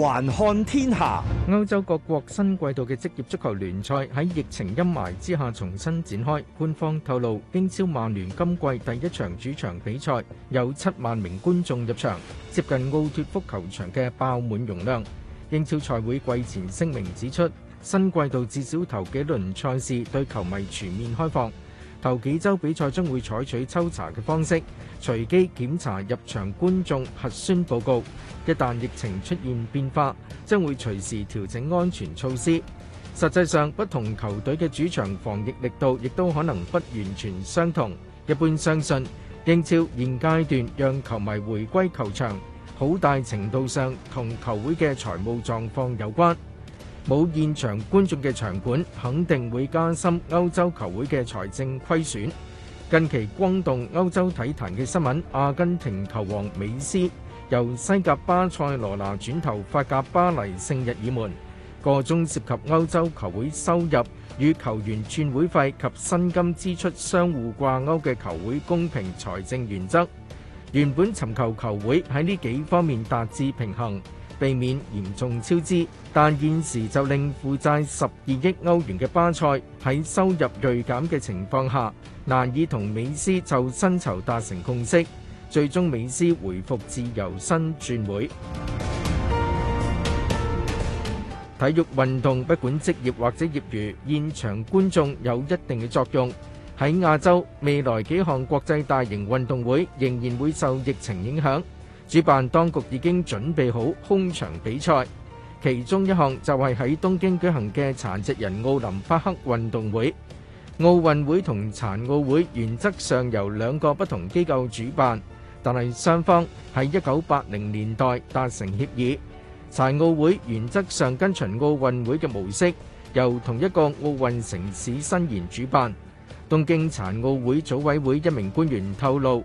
環看天下，歐洲各國新季度嘅職業足球聯賽喺疫情陰霾之下重新展開。官方透露，英超曼聯今季第一場主場比賽有七萬名觀眾入場，接近奧脫福球場嘅爆滿容量。英超賽會季前聲明指出，新季度至少頭幾輪賽事對球迷全面開放。頭幾周比賽將會採取抽查嘅方式，隨機檢查入場觀眾核酸報告。一旦疫情出現變化，將會隨時調整安全措施。實際上，不同球隊嘅主場防疫力度亦都可能不完全相同。一般相信，英超現階段讓球迷回歸球場，好大程度上同球會嘅財務狀況有關。冇現場觀眾嘅場館，肯定會加深歐洲球會嘅財政虧損。近期轟動歐洲體壇嘅新聞，阿根廷球王美斯，由西甲巴塞羅那轉投法甲巴黎聖日耳門，個中涉及歐洲球會收入與球員轉會費及薪金支出相互掛鈎嘅球會公平財政原則，原本尋求球會喺呢幾方面達至平衡。避免嚴重超支，但現時就令負債十二億歐元嘅巴塞喺收入銳減嘅情況下，難以同美斯就薪酬達成共識，最終美斯回復自由身轉會。體育運動不管職業或者業餘，現場觀眾有一定嘅作用。喺亞洲，未來幾項國際大型運動會仍然會受疫情影響。主辦當局已經準備好空場比賽，其中一項就係喺東京舉行嘅殘疾人奧林匹克運動會。奧運會同殘奧會原則上由兩個不同機構主辦，但係雙方喺一九八零年代達成協議，殘奧會原則上跟循奧運會嘅模式，由同一個奧運城市新延主辦。東京殘奧會組委會一名官員透露。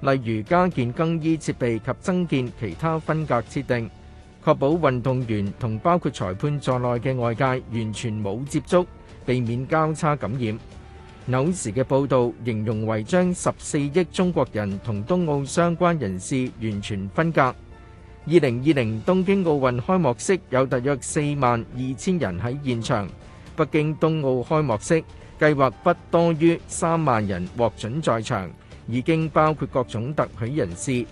例如加建更衣設備及增建其他分隔設定，確保運動員同包括裁判在內嘅外界完全冇接觸，避免交叉感染。紐時嘅報導形容為將十四億中國人同冬奧相關人士完全分隔。二零二零東京奧運開幕式有大約四萬二千人喺現場，北京冬奧開幕式計劃不多於三萬人獲准在場。已經包括各種特許人士。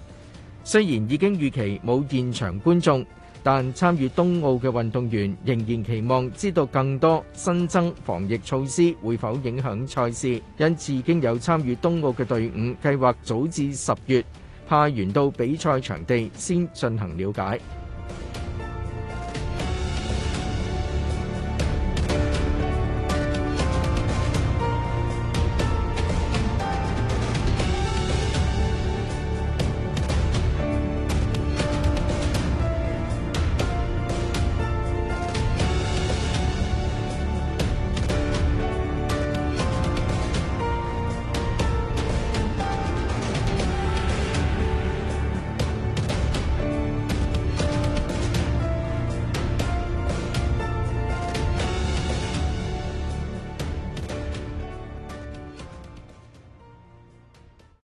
雖然已經預期冇現場觀眾，但參與冬奧嘅運動員仍然期望知道更多新增防疫措施會否影響賽事，因此已經有參與冬奧嘅隊伍計劃早至十月派員到比賽場地先進行了解。